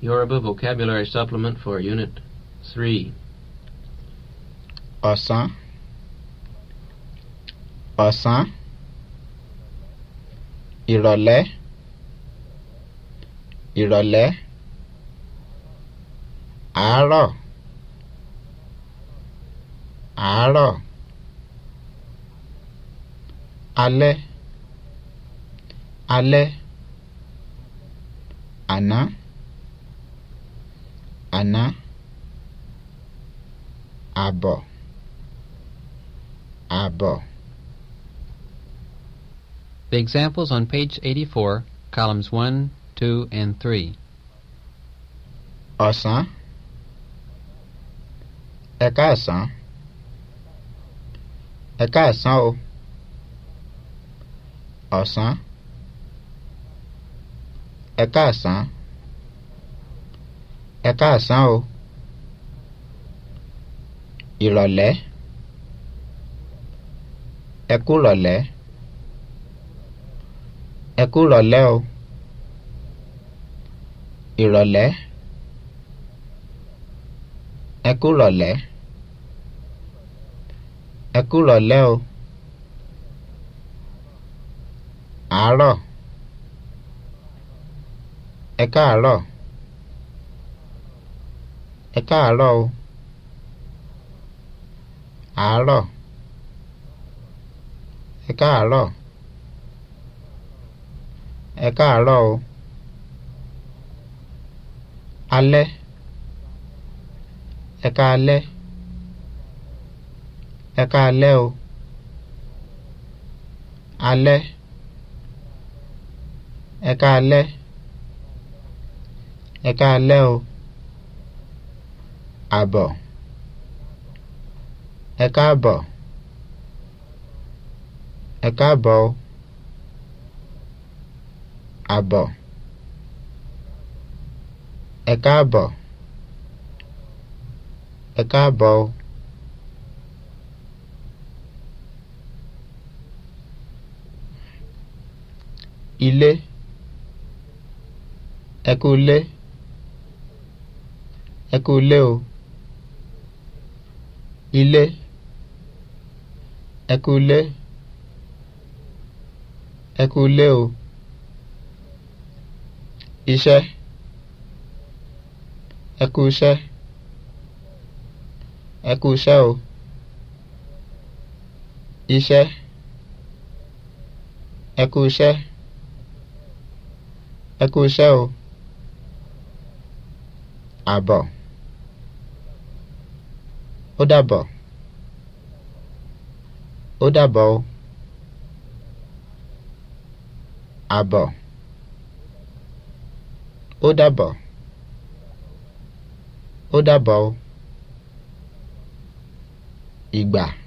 Yoruba Vocabulary Supplement for Unit 3. Ọ̀sán. Ọ̀sán. Ìrọ̀lẹ́. Ìrọ̀lẹ́. Aro, Aro, Alẹ́. Alẹ́. Àná àná àbọ̀ àbọ̀. The examples on page 84, columns 1, 2, and 3. Ọ̀sán ẹ̀kaàsán ẹ̀kaàsán o ọ̀sán ẹ̀kaàsán. ẹ káàsán o ìrọ̀lẹ́ ẹ kú rọ̀lẹ́ ẹ kú rọ̀lẹ́ o ìrọ̀lẹ́ ẹ kú rọ̀lẹ́ ẹ kú rọ̀lẹ́ o àárọ̀ ẹ káàárọ̀ ẹ káàárọ̀ o àárọ̀ ẹ káàárọ̀ ẹ káàárọ̀ o alẹ́ ẹ káalẹ́ ẹ káalẹ́ o alẹ́ ẹ káalẹ́ ẹ káalẹ́ o àbọ̀ ẹ káàbọ̀ ẹ káàbọ̀ àbọ̀ ẹ káàbọ̀ ẹ káàbọ̀ ilé ẹ kú ilé ẹ o ilé ẹ kú ilé ẹ kú ilé o iṣẹ́ ẹ kú iṣẹ́ ẹ kú iṣẹ́ o iṣẹ́ ẹ kú iṣẹ́ ẹ kú iṣẹ́ o àbọ̀ ó dàbọ̀ ó dàbọ̀ ó àbọ̀ ó dàbọ̀ ó dàbọ̀ ó ìgbà.